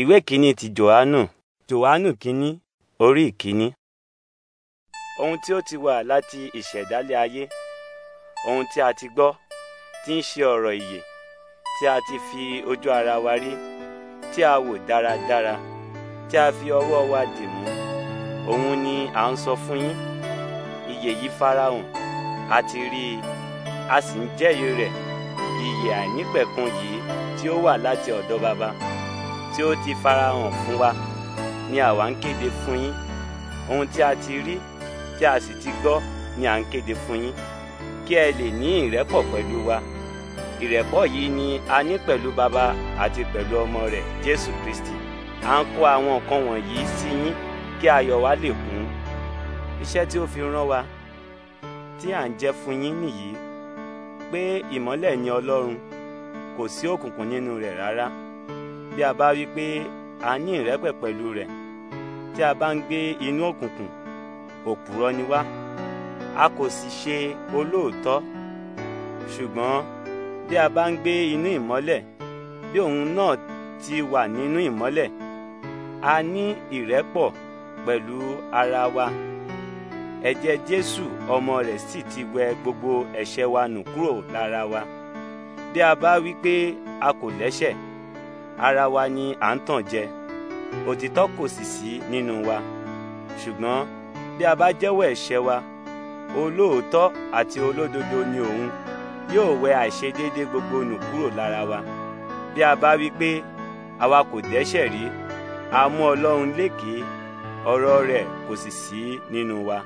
Ìwé kìíní ti Jòhánù. Jòhánù kìíní orí ìkíní. Ohun tí ó ti wà láti ìṣẹ̀dálẹ̀ ayé. Ohun tí a ti gbọ́ tí ń ṣe ọ̀rọ̀ ìyè tí a ti fi ojú ara wa rí tí a wò dáradára tí a fi ọwọ́ wa dì mú. Òun ni à ń sọ fún yín. Ìyè yìí farahàn. A ti rí i. A sì ń jẹ́rìí rẹ̀. Ìyè àìnípẹ̀kun yìí tí ó wà láti ọ̀dọ̀ Baba tí ó ti farahàn fún wa ni àwa ń kéde fún yín ohun tí a ti rí tí a sì ti gbọ́ ni à ń kéde fún yín kí ẹ lè ní ìrẹ́pọ̀ pẹ̀lú wa ìrẹ́pọ̀ yìí ni a ní pẹ̀lú baba àti pẹ̀lú ọmọ rẹ̀ Jésù Kristi à ń kó àwọn nǹkan wọ̀nyí sí yín kí ayọ̀ wa lè kún iṣẹ́ tí ó fi rán wa tí à ń jẹ́ fún yín nìyí pé ìmọ́lẹ̀ ni Ọlọ́run kò sí òkùnkùn nínú rẹ̀ rárá bí a bá rí i pé a ní ìrẹ́pẹ̀ pẹ̀lú rẹ̀ tí a bá ń gbé inú òkùnkùn òpùrọ́ ni wá a kò sì ṣe olóòótọ́ ṣùgbọ́n bí a bá ń gbé inú ìmọ́lẹ̀ bí òun náà ti wà nínú ìmọ́lẹ̀ a ní ìrẹ́pọ̀ pẹ̀lú ara wa ẹ̀jẹ̀ Jésù ọmọ rẹ̀ sì ti wẹ gbogbo ẹ̀ṣẹ̀ wa nù kúrò lára wa bí a bá wí pé a kò lẹ́ṣẹ̀ ara wa ni à ń tàn jẹ òtítọ́ kò sì sí nínú wa ṣùgbọ́n bí a bá jẹ́wọ́ ẹ̀ṣẹ̀ wa olóòótọ́ àti olódodo ni òun yóò wẹ àìṣedéédé gbogbo nù kúrò lára wa bí a bá wí pé àwa kò dẹ́ṣẹ̀ rí a mú Ọlọ́run lékèé ọ̀rọ̀ rẹ̀ kò sì sí nínú wa.